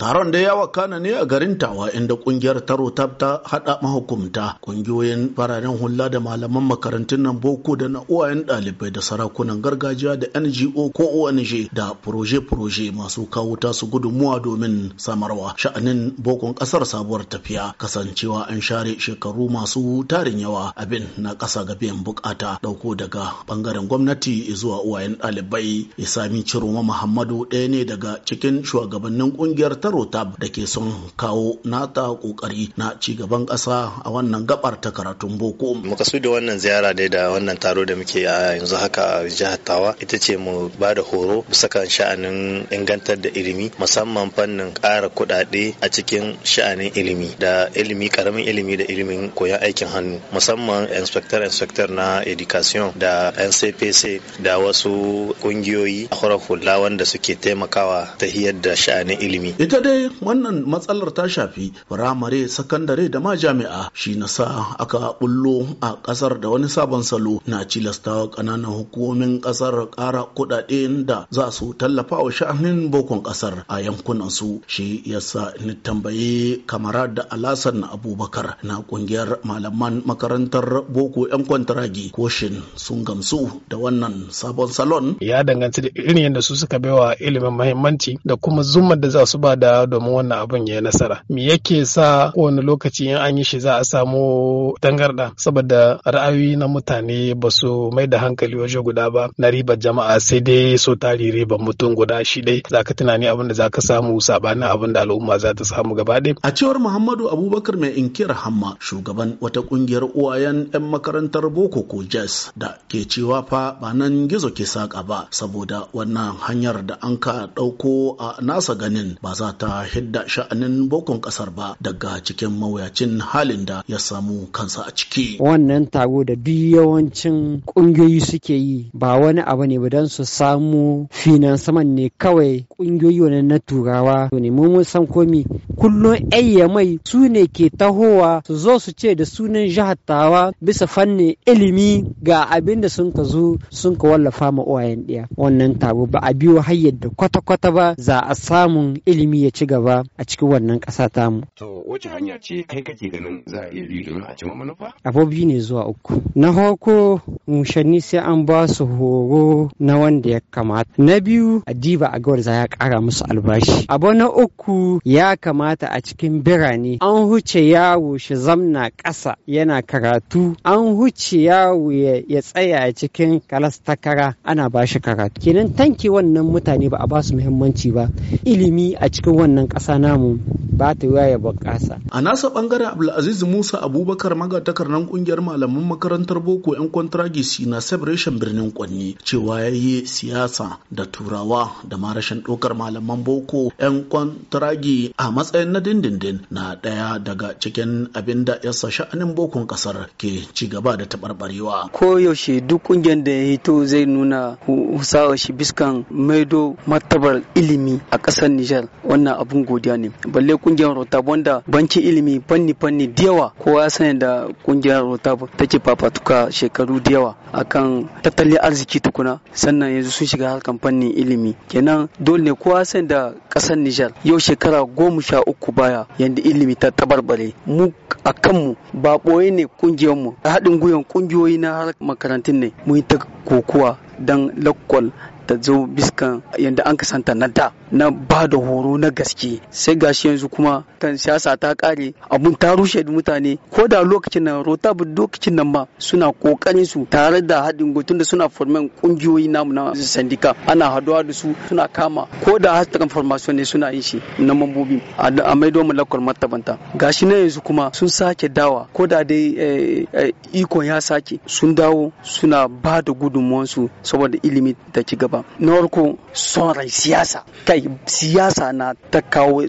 Taron da yawa kana ne a garin Tawa inda kungiyar Taro ta ta hada mahukumta kungiyoyin fararen hula da malaman makarantun nan boko da na uwayen dalibai da sarakunan gargajiya da NGO ko ONG da proje proje masu kawo tasu gudunmuwa domin samarwa sha'anin bokon kasar sabuwar tafiya kasancewa an share shekaru masu tarin yawa abin na kasa ga biyan bukata dauko daga bangaren gwamnati zuwa uwayen dalibai Isami Ciroma Muhammadu ɗaya ne daga cikin shugabannin kungiyar ta rotab da ke son kawo nata kokari na ci gaban ƙasa a wannan gabar ta karatun boko makasu da wannan ziyara dai da wannan taro da muke a yanzu haka a jihar tawa ita ce mu ba da horo bisa kan sha'anin ingantar da ilimi musamman fannin ƙara kuɗaɗe a cikin sha'anin ilimi da ilimi karamin ilimi da ilimin koyon aikin hannu musamman inspector inspector na education da ncpc da wasu ƙungiyoyi a hula wanda suke taimakawa ta hiyar da sha'anin ilimi ita dai wannan matsalar ta shafi firamare sakandare da ma jami'a shi na sa aka bullo a kasar da wani sabon salo na cilastawa kananan hukumomin kasar kara kudaden da za su tallafa wa sha'anin bokon kasar a yankunan su shi yasa ni tambaye kamara da alasan abubakar na kungiyar malaman makarantar boko yan kwantaragi ko shin sun gamsu da wannan sabon salon ya danganci da irin yadda su suka baiwa ilimin mahimmanci da kuma zumar da za su ba da da domin wannan abin ya nasara me yake sa kowane lokaci in an yi shi za a samu dangarda saboda ra'ayoyi na mutane ba su mai da hankali waje guda ba na ribar jama'a sai dai so tari ribar mutum guda shi dai za ka tunani abin da za ka samu sabanin abin da al'umma za ta samu gaba a cewar muhammadu abubakar mai inkiyar hamma shugaban wata ƙungiyar uwayen 'yan makarantar boko ko jes da ke cewa fa ba nan gizo ke saka ba saboda wannan hanyar da an ka ɗauko a nasa ganin ba za ta hidda sha'anin bokon kasar ba daga cikin mawuyacin halin da ya samu kansa a ciki wannan taro da duk yawancin ƙungiyoyi suke yi ba wani abu ne ba don su samu finan saman ne kawai kungiyoyi wannan na turawa to ne mun san komi Kullum ayya mai su ne ke tahowa su zo su ce da sunan jihar tawa bisa fannin ilimi ga abin da sun ka zo sun ka wallafa ma uwayen ɗiya wannan tabo ba a biyo hayyar da kwata-kwata ba za a samun ilimi ya ci gaba a cikin wannan ƙasa mu. To wace hanya ce kai kake ganin za a iya bi domin a cimma manufa? Abobi ne zuwa uku. Na farko mushanni sai an ba su horo na wanda ya kamata. Na biyu a diba a gawar za ya ƙara musu albashi. Abu na uku ya kamata kamata a cikin birane an huce yawo shi zamna ƙasa yana karatu an huce yawo ya tsaya a cikin kalastakara, ana ba shi karatu kenan tanki wannan mutane ba a ba su muhimmanci ba ilimi a cikin wannan ƙasa namu ba ta ya bunƙasa. A nasa ɓangaren Abdulaziz Musa Abubakar magatakarnan ƙungiyar malaman makarantar boko 'yan kwantragisi na Celebration birnin Kwanni cewa ya yi siyasa da turawa da ma rashin ɗaukar malaman boko 'yan kwantragi a matsayin na dindindin na ɗaya daga cikin abin da ya sa sha'anin bokon ƙasar ke ci gaba da taɓarɓarewa. Ko yaushe duk ƙungiyar da ya hito zai nuna husawa shi biskan maido martabar ilimi a ƙasar Nijar wannan abin godiya ne. Balle kungiyar rotab wanda bankin ilimi fanni fanni da yawa kowa ya sani da kungiyar rotab take fafatuka shekaru da yawa akan tattalin arziki tukuna sannan yanzu sun shiga harkan fannin ilimi kenan dole ne kowa san da kasar Nijar yau shekara goma sha uku baya yanda ilimi ta tabarbare mu a kanmu ba ɓoye ne kungiyarmu haɗin gwiwan kungiyoyi na harkar makarantun ne mun yi ta kokuwa dan lakwal ta zo biskan yadda an kasanta na da na ba da horo na gaske sai gashi yanzu kuma kan siyasa ta kare abun ta rushe mutane ko da lokacin nan bu lokacin nan ma suna kokarin su tare da haɗin gutun da suna formen kungiyoyi namu na sandika ana haduwa da su suna kama ko da har transformation ne suna yin shi na mambobi a maido mu martabanta gashi na yanzu kuma sun sake dawa ko da dai eh, eh, iko ya sake sun dawo suna ba da gudunmuwansu saboda ilimi da ci gaba na farko son rai siyasa kai wallahi siyasa na ta kawo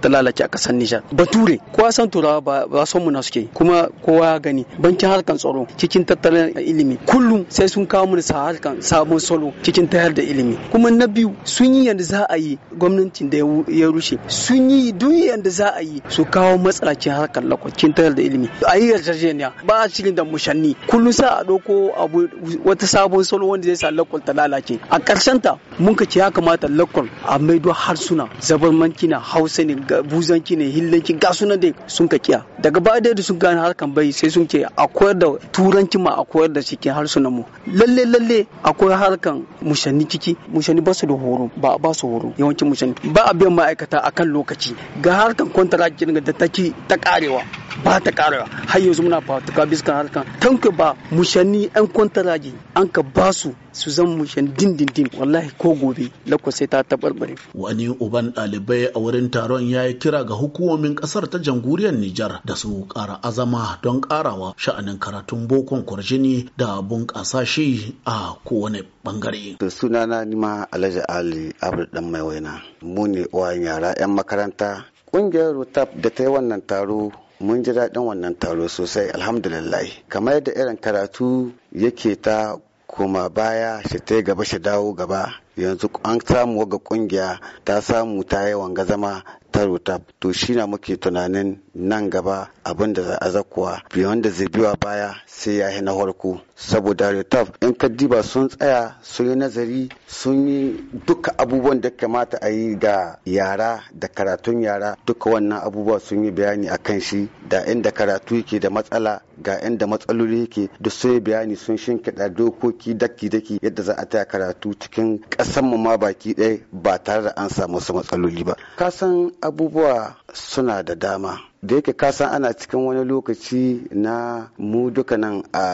ta lalace a kasar Nijar bature kowa san turawa ba ba son na suke kuma kowa gani bankin harkan tsaro cikin tattalin ilimi kullum sai sun kawo mu sa harkan sabon solo cikin tayar da ilimi kuma na biyu sun yi yanda za a yi gwamnatin da ya rushe sun yi duk yanda za a yi su kawo matsalacin harkan lakwacin tayar da ilimi a yi yarjejeniya ba a cikin da mushanni kullum sa a ɗauko abu wata sabon solo wanda zai sa lakwal ta lalace a ƙarshen ta mun ka ce ya kamata lakwal a maido harsuna zabarmanki na hausa ne buzanki ne hillanki ga sunan dai sun ka kiya daga baya dai da sun gane harkan bai sai sun ce a koyar da turanci ma a koyar da cikin harsunan mu lalle lalle akwai harkan mushanni ciki mushanni ba su da horo ba ba su horo yawancin mushanni ba a biyan ma'aikata akan lokaci ga harkan kwantaraki da take ta karewa ba ta karewa har yanzu muna fatuka bisa harkan tanka ba mushanni yan kwantaraki an ka ba su su zan mushen dindindin wallahi ko gobe lakwasai ta tabarbare wani uban ɗalibai a wurin taron ya yi kira ga hukumomin ƙasar ta jamhuriyar nijar da su ƙara azama don ƙarawa sha'anin karatun bokon kwarjini da bunƙasa shi a kowane bangare. to sunana nima alhaji ali abdul dan mai waina mu ne uwayen yara 'yan makaranta ƙungiyar rutab da ta yi wannan taro mun ji daɗin wannan taro sosai alhamdulillah kamar yadda irin karatu yake ta koma baya shi ta gaba shi dawo gaba yanzu an samu waga kungiya ta samu ta yawan wanga zama ta to shi na muke tunanin nan gaba abin da za a zakuwa da zai biwa baya sai ya na harko saboda retaf in ka diba sun tsaya sun yi nazari sun yi duka abubuwan da kamata a yi ga yara da karatun yara duka wannan abubuwa sun yi bayani a kan shi da inda karatu yake da matsala ga inda matsaloli yake da sun yi bayani sun shinkiɗa dokoki daki-daki yadda za a taya karatu cikin ƙasanmu ma baki ɗaya ba tare da an samu wasu matsaloli ba kasan abubuwa suna da dama da yake kasan ana cikin wani lokaci na mu nan a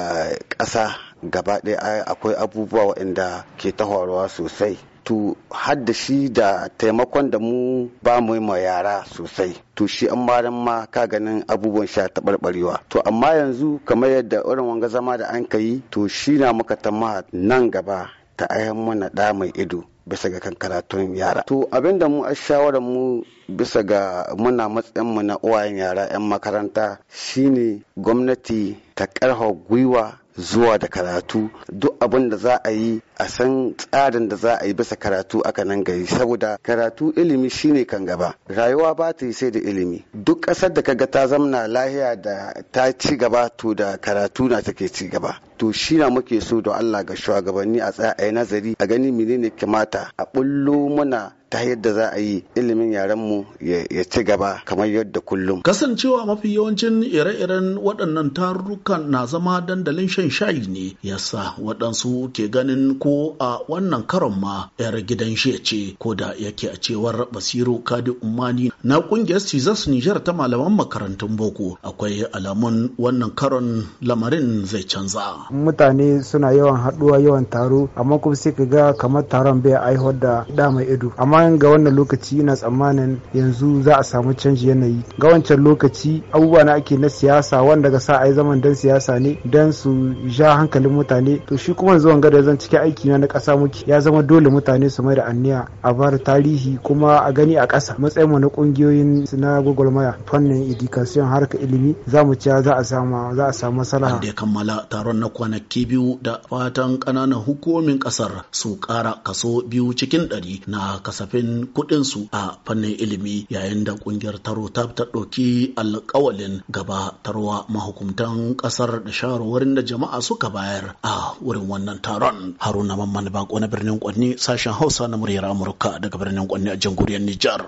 ƙasa gaba ɗaya akwai abubuwa waɗanda ke tahorawa sosai to hadda shi da taimakon da mu ba mu ma yara sosai to shi an ran ma ka ganin abubuwan sha taɓarɓarewa to amma yanzu kamar yadda irin wanga zama da an ka yi to shi na muka tamma nan gaba ta ayyan mana ɗa mai ido bisa ga karatun yara to abin da mu a shawarar mu bisa ga muna matsayin mu na uwayen yara 'yan makaranta shine gwamnati ta karfa gwiwa zuwa da karatu duk abin da za a yi a san tsarin da za a yi bisa karatu aka nan gari saboda karatu ilimi shine kan gaba rayuwa ba ta yi sai da ilimi duk ƙasar da kaga ta zamna lahiya da ta ci gaba to da karatu na take ci gaba to shi na muke so da Allah ga shugabanni a tsaya a nazari a gani menene kamata a bullo muna ta yadda za a yi ilimin yarenmu ya ci gaba kamar yadda kullum. Kasancewa mafi yawancin ire-iren waɗannan tarurrukan na zama dandalin shan shayi ne yasa waɗansu ke ganin ko ko a wannan karon ma 'yar gidan shi ce ko da yake a cewar basiru kadi umani na kungiyar cizas niger ta malaman makarantun boko akwai alamun wannan karon lamarin zai canza mutane suna yawan haɗuwa yawan taro amma kuma sai ka ga kamar taron bai aihuwar da da mai ido amma ga wannan lokaci ina tsammanin yanzu za a samu canji yanayi ga wancan lokaci abubuwa na ake na siyasa wanda ga sa ai zaman dan siyasa ne dan su ja hankalin mutane to shi kuma zuwan gada da zan cikin aiki na na ƙasa muke ya zama dole mutane su mai da anniya a bar tarihi kuma a gani a ƙasa matsayin mu na ƙungiyoyin na maya fannin education harka ilimi za mu ciya za a samu za a samu masala. da kammala taron na kwanaki biyu da fatan ƙananan hukumomin ƙasar su ƙara kaso biyu cikin ɗari na kasafin kuɗin su a fannin ilimi yayin da ƙungiyar taro ta ta ɗauki alƙawalin gabatarwa mahukuntan ƙasar da shawarwarin da jama'a suka bayar a wurin wannan taron haruna Haruna Mamman Bako birnin Kwanni sashen Hausa na muryar Amurka daga birnin Kwanni a jamhuriyar Nijar.